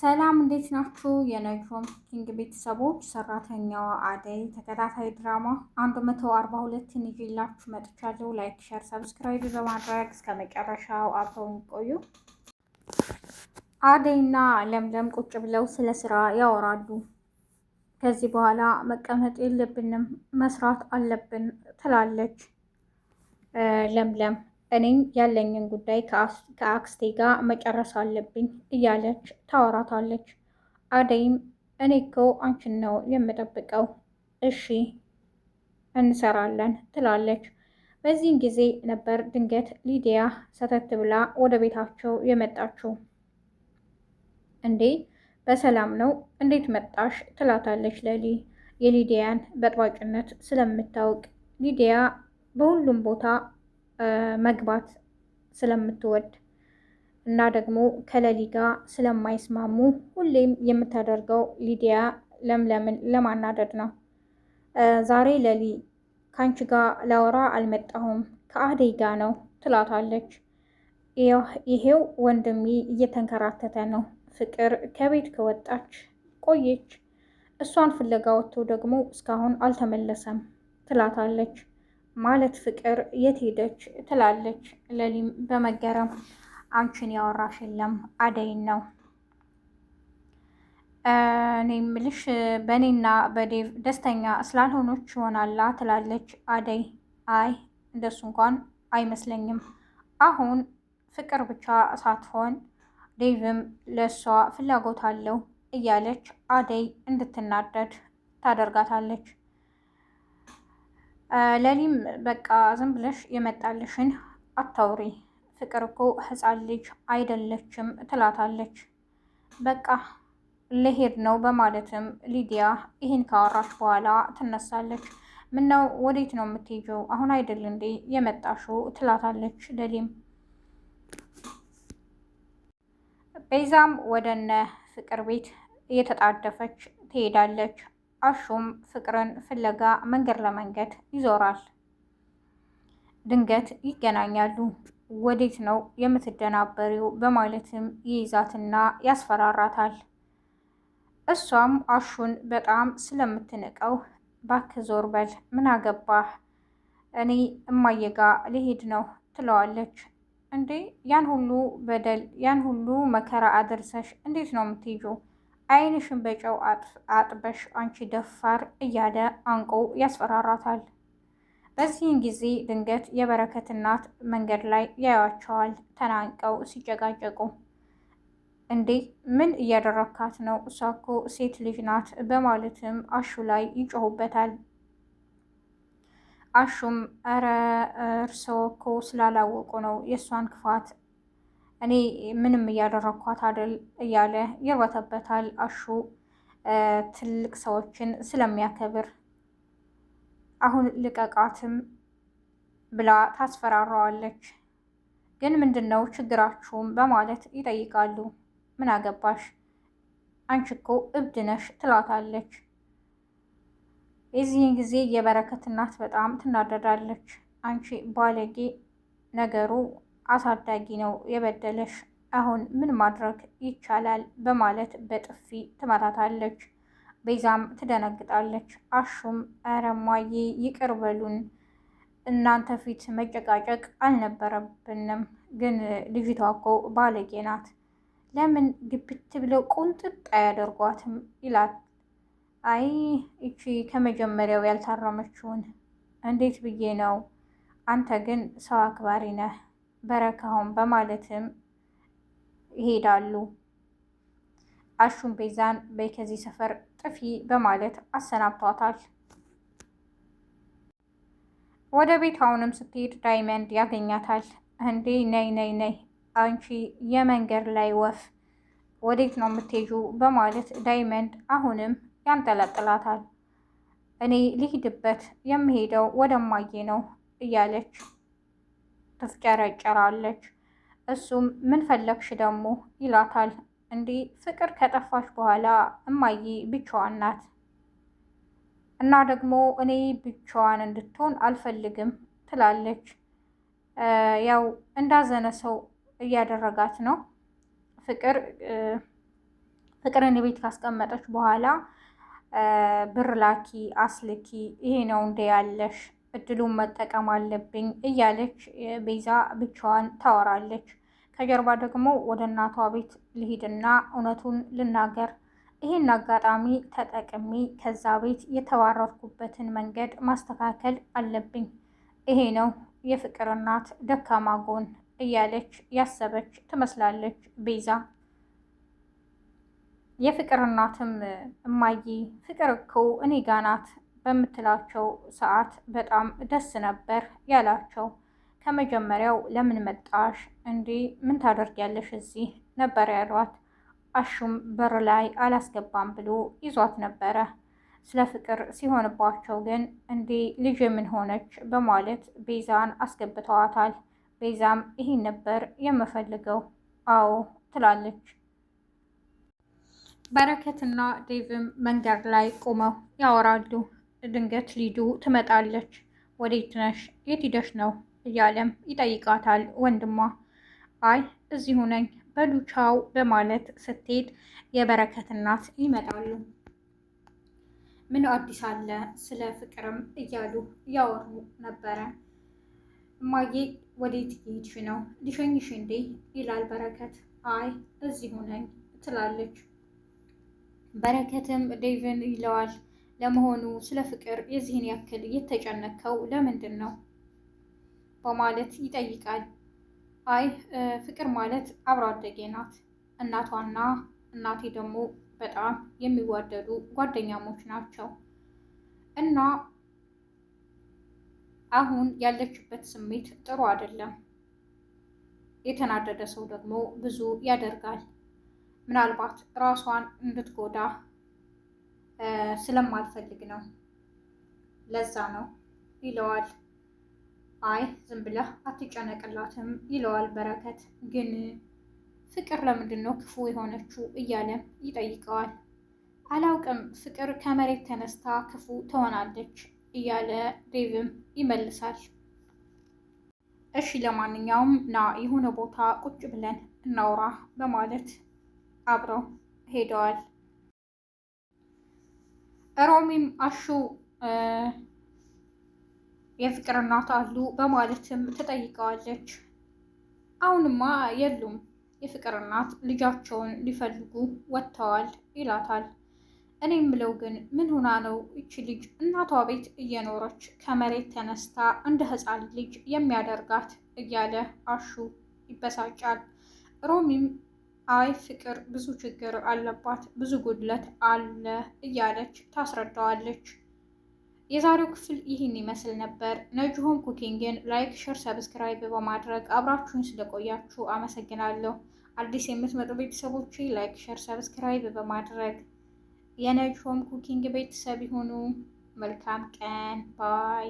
ሰላም እንዴት ናችሁ? የነጆም ኪንግ ቤተሰቦች ሰራተኛዋ አደይ ተከታታይ ድራማ 142ን ይዤላችሁ መጥቻለሁ። ላይክ፣ ሸር፣ ሰብስክራይብ በማድረግ እስከ መጨረሻው አብረውን ቆዩ። አደይና ለምለም ቁጭ ብለው ስለ ስራ ያወራሉ። ከዚህ በኋላ መቀመጥ የለብንም መስራት አለብን ትላለች ለምለም እኔም ያለኝን ጉዳይ ከአክስቴ ጋር መጨረስ አለብኝ እያለች ታወራታለች። አደይም እኔ እኮ አንቺን ነው የምጠብቀው፣ እሺ እንሰራለን ትላለች። በዚህን ጊዜ ነበር ድንገት ሊዲያ ሰተት ብላ ወደ ቤታቸው የመጣችው። እንዴ በሰላም ነው እንዴት መጣሽ? ትላታለች ለሊ የሊዲያን በጥባጭነት ስለምታውቅ ሊዲያ በሁሉም ቦታ መግባት ስለምትወድ እና ደግሞ ከሌሊ ጋር ስለማይስማሙ ሁሌም የምታደርገው ሊዲያ ለምለምን ለማናደድ ነው። ዛሬ ሌሊ ከአንቺ ጋር ላወራ አልመጣሁም ከአደይ ጋ ነው ትላታለች። ይሄው ወንድሜ እየተንከራተተ ነው። ፍቅር ከቤት ከወጣች ቆየች። እሷን ፍለጋ ወጥቶ ደግሞ እስካሁን አልተመለሰም ትላታለች። ማለት ፍቅር የት ሄደች ትላለች። ለሊም በመገረም አንቺን ያወራሽ የለም አደይን ነው። እኔ ምልሽ በእኔና በዴቭ ደስተኛ ስላልሆኖች ይሆናላ ትላለች አደይ። አይ እንደሱ እንኳን አይመስለኝም። አሁን ፍቅር ብቻ ሳትሆን ዴቭም ለእሷ ፍላጎት አለው እያለች አደይ እንድትናደድ ታደርጋታለች። ለሊም በቃ ዝም ብለሽ የመጣልሽን አታውሪ፣ ፍቅር እኮ ልጅ አይደለችም ትላታለች። በቃ ልሄድ ነው በማለትም ሊዲያ ይህን ካወራች በኋላ ትነሳለች። ምነው ወዴት ነው የምትሄጂው? አሁን አይደል እንዴ የመጣሽው? ትላታለች ለሊም። ቤዛም ወደነ ፍቅር ቤት እየተጣደፈች ትሄዳለች። አሹም ፍቅርን ፍለጋ መንገድ ለመንገድ ይዞራል። ድንገት ይገናኛሉ። ወዴት ነው የምትደናበሪው? በማለትም ይይዛትና ያስፈራራታል። እሷም አሹን በጣም ስለምትንቀው ባክ ዞር በል ምን አገባህ እኔ እማየጋ ሊሄድ ልሄድ ነው ትለዋለች። እንዴ ያን ሁሉ በደል ያን ሁሉ መከራ አድርሰሽ እንዴት ነው የምትይዡ? አይን በጨው አጥበሽ አንቺ ደፋር እያለ አንቆ ያስፈራራታል። በዚህን ጊዜ ድንገት የበረከት እናት መንገድ ላይ ያያቸዋል ተናንቀው ሲጨጋጨቁ እንዴ ምን እያደረካት ነው? እሷ እኮ ሴት ልጅ ናት በማለትም አሹ ላይ ይጮሁበታል። አሹም እረ እርስዎ እኮ ስላላወቁ ነው የእሷን ክፋት እኔ ምንም እያደረኳት አይደል እያለ ይርበተበታል። አሹ ትልቅ ሰዎችን ስለሚያከብር አሁን ልቀቃትም ብላ ታስፈራረዋለች። ግን ምንድን ነው ችግራችሁም በማለት ይጠይቃሉ። ምን አገባሽ አንቺ እኮ እብድ ነሽ ትላታለች። የዚህን ጊዜ የበረከት እናት በጣም ትናደዳለች። አንቺ ባለጌ ነገሩ አሳዳጊ ነው የበደለሽ፣ አሁን ምን ማድረግ ይቻላል በማለት በጥፊ ትመታታለች። ቤዛም ትደነግጣለች። አሹም ኧረ ይቅርበሉን ይቅር በሉን፣ እናንተ ፊት መጨቃጨቅ አልነበረብንም፣ ግን ልጅቷ እኮ ባለጌ ናት፣ ለምን ግብት ብለው ቁንጥጥ አያደርጓትም ይላል። አይ ይቺ ከመጀመሪያው ያልታረመችውን እንዴት ብዬ ነው? አንተ ግን ሰው አክባሪ ነህ በረካውን በማለትም ይሄዳሉ። አሹን ቤዛን በይ ከዚህ ሰፈር ጥፊ በማለት አሰናብቷታል። ወደ አሁንም ስትሄድ ዳይመንድ ያገኛታል። እንዴ ነይ ነይ ነይ አንቺ የመንገድ ላይ ወፍ ወዴት ነው የምትሄጁ? በማለት ዳይመንድ አሁንም ያንጠላጥላታል። እኔ ልሂድበት የምሄደው ወደማዬ ነው እያለች ትፍጨረጨራለች። እሱም ምን ፈለግሽ ደግሞ ይላታል። እንዲህ ፍቅር ከጠፋች በኋላ እማዬ ብቻዋን ናት እና ደግሞ እኔ ብቻዋን እንድትሆን አልፈልግም ትላለች። ያው እንዳዘነ ሰው እያደረጋት ነው። ፍቅር ፍቅርን ቤት ካስቀመጠች በኋላ ብር ላኪ አስልኪ፣ ይሄ ነው እንደ ያለሽ እድሉን መጠቀም አለብኝ እያለች ቤዛ ብቻዋን ታወራለች። ከጀርባ ደግሞ ወደ እናቷ ቤት ልሂድና እውነቱን ልናገር፣ ይህን አጋጣሚ ተጠቅሜ ከዛ ቤት የተባረርኩበትን መንገድ ማስተካከል አለብኝ። ይሄ ነው የፍቅር እናት ደካማ ጎን እያለች ያሰበች ትመስላለች ቤዛ። የፍቅር እናትም እማዬ ፍቅር እኮ እኔ ጋ ናት በምትላቸው ሰዓት በጣም ደስ ነበር ያላቸው። ከመጀመሪያው ለምን መጣሽ እንዲህ ምን ታደርጊያለሽ እዚህ ነበር ያሏት። አሹም በር ላይ አላስገባም ብሎ ይዟት ነበረ። ስለ ፍቅር ሲሆንባቸው ግን እንዲህ ልጅ ምን ሆነች በማለት ቤዛን አስገብተዋታል። ቤዛም ይህን ነበር የምፈልገው፣ አዎ ትላለች። በረከትና ዴቭም መንገድ ላይ ቆመው ያወራሉ። ድንገት ሊዱ ትመጣለች። ወዴት ነሽ? የት ሂደሽ ነው? እያለም ይጠይቃታል ወንድሟ። አይ እዚሁ ነኝ በሉቻው በማለት ስትሄድ የበረከት እናት ይመጣሉ። ምን አዲስ አለ? ስለ ፍቅርም እያሉ እያወሩ ነበረ። እማዬ ወዴት እየሄድሽ ነው? ሊሸኝሽ እንዴ? ይላል በረከት። አይ እዚሁ ነኝ ትላለች። በረከትም ዴቭን ይለዋል ለመሆኑ ስለ ፍቅር የዚህን ያክል የተጨነከው ለምንድን ነው? በማለት ይጠይቃል። አይ ፍቅር ማለት አብሮ አደጌ ናት። እናቷና እናቴ ደግሞ በጣም የሚዋደዱ ጓደኛሞች ናቸው እና አሁን ያለችበት ስሜት ጥሩ አይደለም። የተናደደ ሰው ደግሞ ብዙ ያደርጋል። ምናልባት ራሷን እንድትጎዳ ስለማልፈልግ ነው ለዛ ነው ይለዋል። አይ ዝም ብለህ አትጨነቅላትም ይለዋል በረከት። ግን ፍቅር ለምንድን ነው ክፉ የሆነችው እያለም ይጠይቀዋል። አላውቅም ፍቅር ከመሬት ተነስታ ክፉ ትሆናለች እያለ ዴቭም ይመልሳል። እሺ ለማንኛውም ና የሆነ ቦታ ቁጭ ብለን እናውራ በማለት አብረው ሄደዋል። ሮሚም አሹ የፍቅር እናት አሉ በማለትም ትጠይቀዋለች። አሁንማ የሉም የፍቅር እናት ልጃቸውን ሊፈልጉ ወጥተዋል ይላታል። እኔም ብለው ግን ምን ሆና ነው ይቺ ልጅ እናቷ ቤት እየኖረች ከመሬት ተነስታ እንደ ሕፃን ልጅ የሚያደርጋት እያለ አሹ ይበሳጫል። ሮሚም አይ ፍቅር ብዙ ችግር አለባት፣ ብዙ ጉድለት አለ እያለች ታስረዳዋለች። የዛሬው ክፍል ይህን ይመስል ነበር። ነጂሆም ኩኪንግን ላይክ፣ ሸር፣ ሰብስክራይብ በማድረግ አብራችሁን ስለቆያችሁ አመሰግናለሁ። አዲስ የምትመጡ ቤተሰቦች ላይክ፣ ሸር፣ ሰብስክራይብ በማድረግ የነጂሆም ኩኪንግ ቤተሰብ ይሁኑ። መልካም ቀን ባይ